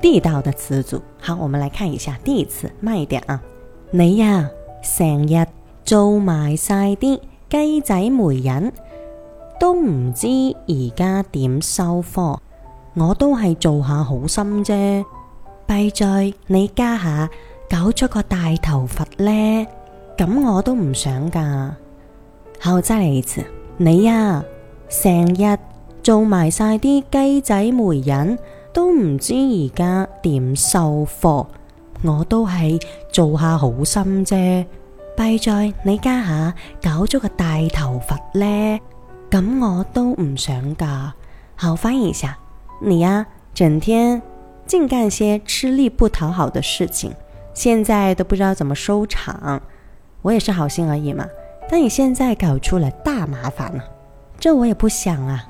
地道的詞組，好，我們來看一下第一次，慢一點啊。你呀、啊，成日做埋晒啲雞仔媒人，都唔知而家點收科，我都係做下好心啫。弊在你家下搞出個大頭佛咧，咁我都唔想噶。好，再嚟一次，你呀、啊，成日做埋晒啲雞仔媒人，都唔知而家點收科，我都係做下好心啫。弊在你家下搞咗個大頭佛咧，咁我都唔想噶。好，翻譯一下，你啊，整天淨幹些吃力不討好的事情，現在都不知道怎麼收場。我也是好心而已嘛，但你現在搞出了大麻煩啊。這我也不想啊。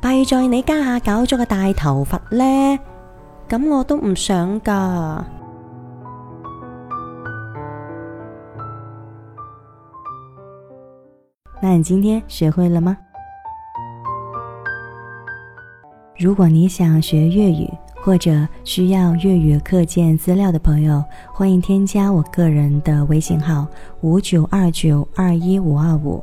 弊在你家下搞咗個大頭佛咧，咁我都唔想噶。那你今天學會了嗎？如果你想學粵語或者需要粵語課件資料的朋友，歡迎添加我個人的微信號五九二九二一五二五。